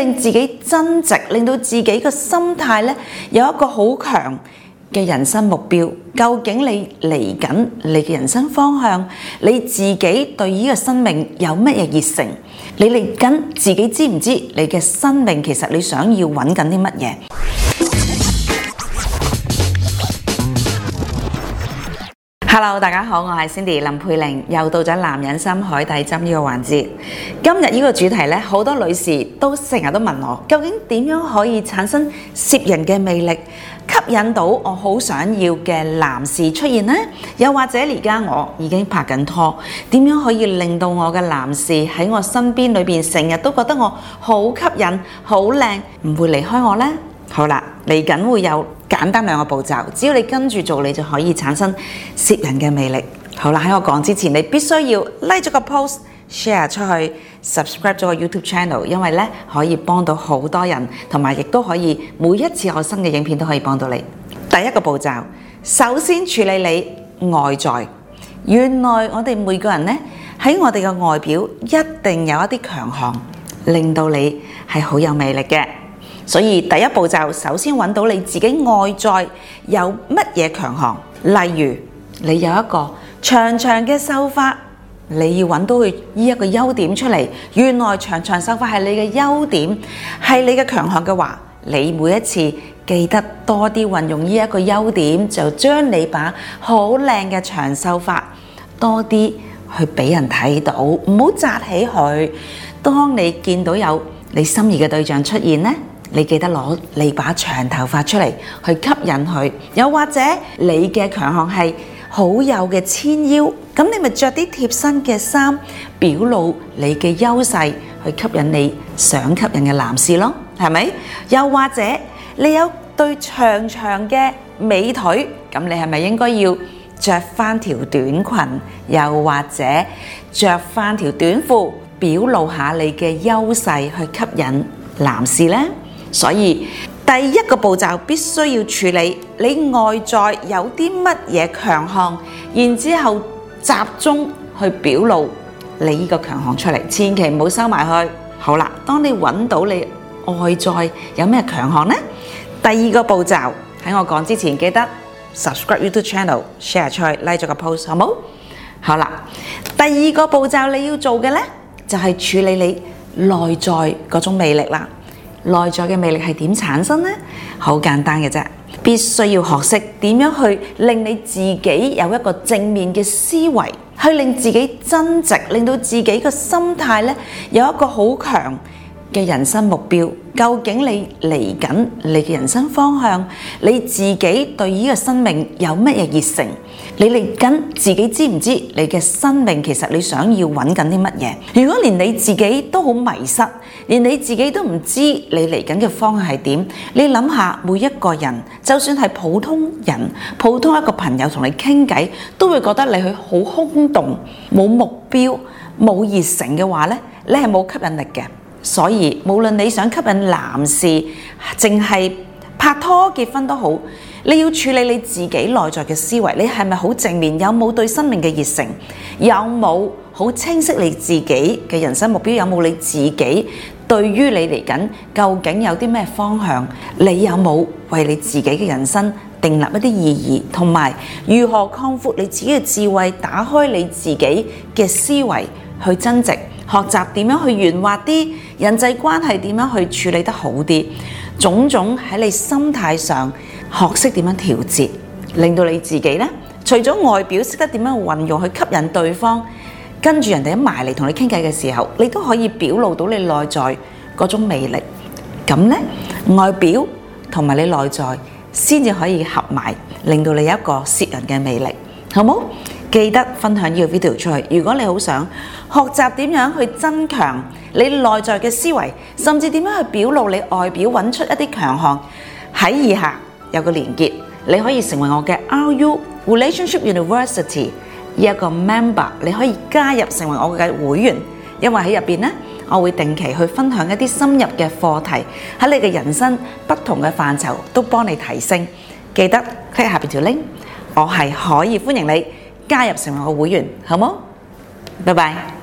令自己增值，令到自己嘅心態咧有一個好強嘅人生目標。究竟你嚟緊你嘅人生方向，你自己對呢個生命有乜嘢熱誠？你嚟緊自己知唔知你嘅生命其實你想要揾緊啲乜嘢？Hello，大家好，我係 Cindy 林佩玲，又到咗男人心海底針呢個環節。今日呢個主題呢，好多女士都成日都問我，究竟點樣可以產生攝人嘅魅力，吸引到我好想要嘅男士出現呢？又或者而家我已經拍緊拖，點樣可以令到我嘅男士喺我身邊裏邊成日都覺得我好吸引、好靚，唔會離開我呢？好啦，嚟緊會有簡單兩個步驟，只要你跟住做，你就可以產生攝人嘅魅力。好啦，喺我講之前，你必須要拉咗個 post share 出去，subscribe 咗個 YouTube channel，因為咧可以幫到好多人，同埋亦都可以每一次我新嘅影片都可以幫到你。第一個步驟，首先處理你外在。原來我哋每個人咧喺我哋嘅外表一定有一啲強項，令到你係好有魅力嘅。所以第一步就首先揾到你自己外在有乜嘢強項，例如你有一個長長嘅秀髮，你要揾到佢呢一個優點出嚟。原來長長秀髮係你嘅優點，係你嘅強項嘅話，你每一次記得多啲運用呢一個優點，就將你把好靚嘅長秀髮多啲去俾人睇到，唔好紮起佢。當你見到有你心儀嘅對象出現咧～你記得攞你把長頭髮出嚟去吸引佢，又或者你嘅強項係好幼嘅纖腰，咁你咪著啲貼身嘅衫，表露你嘅優勢去吸引你想吸引嘅男士咯，係咪？又或者你有對長長嘅美腿，咁你係咪應該要著返條短裙，又或者著返條短褲，表露下你嘅優勢去吸引男士呢？所以第一個步驟必須要處理你外在有啲乜嘢強項，然之後集中去表露你呢個強項出嚟，千祈唔好收埋去。好啦，當你揾到你外在有咩強項呢？第二個步驟，喺我講之前，記得 subscribe YouTube channel share like 內在嘅魅力係點產生呢？好簡單嘅啫，必須要學識點樣去令你自己有一個正面嘅思維，去令自己增值，令到自己個心態呢有一個好強。嘅人生目標，究竟你嚟緊你嘅人生方向，你自己對呢個生命有乜嘢熱誠，你嚟緊自己知唔知你嘅生命其實你想要揾緊啲乜嘢？如果連你自己都好迷失，連你自己都唔知你嚟緊嘅方向係點，你諗下每一個人，就算係普通人，普通一個朋友同你傾偈，都會覺得你去好空洞，冇目標，冇熱誠嘅話咧，你係冇吸引力嘅。所以，無論你想吸引男士，淨係拍拖、結婚都好，你要處理你自己內在嘅思維，你係咪好正面？有冇對生命嘅熱誠？有冇好清晰你自己嘅人生目標？有冇你自己對於你嚟緊究竟有啲咩方向？你有冇為你自己嘅人生定立一啲意義？同埋如何擴闊你自己嘅智慧，打開你自己嘅思維去增值？學習點樣去圓滑啲人際關係，點樣去處理得好啲，種種喺你心態上學識點樣調節，令到你自己呢，除咗外表識得點樣運用去吸引對方，跟住人哋一埋嚟，同你傾偈嘅時候，你都可以表露到你內在嗰種魅力。咁呢，外表同埋你內在先至可以合埋，令到你有一個攝人嘅魅力，好冇？記得分享呢個 video 出去。如果你好想學習點樣去增強你內在嘅思維，甚至點樣去表露你外表，揾出一啲強項，喺以下有個連結，你可以成為我嘅 R U Relationship University 一個 member，你可以加入成為我嘅會員，因為喺入面呢，我會定期去分享一啲深入嘅課題，喺你嘅人生不同嘅範疇都幫你提升。記得 click 下面條 link，我係可以歡迎你。加入成為個會員，好冇？拜拜。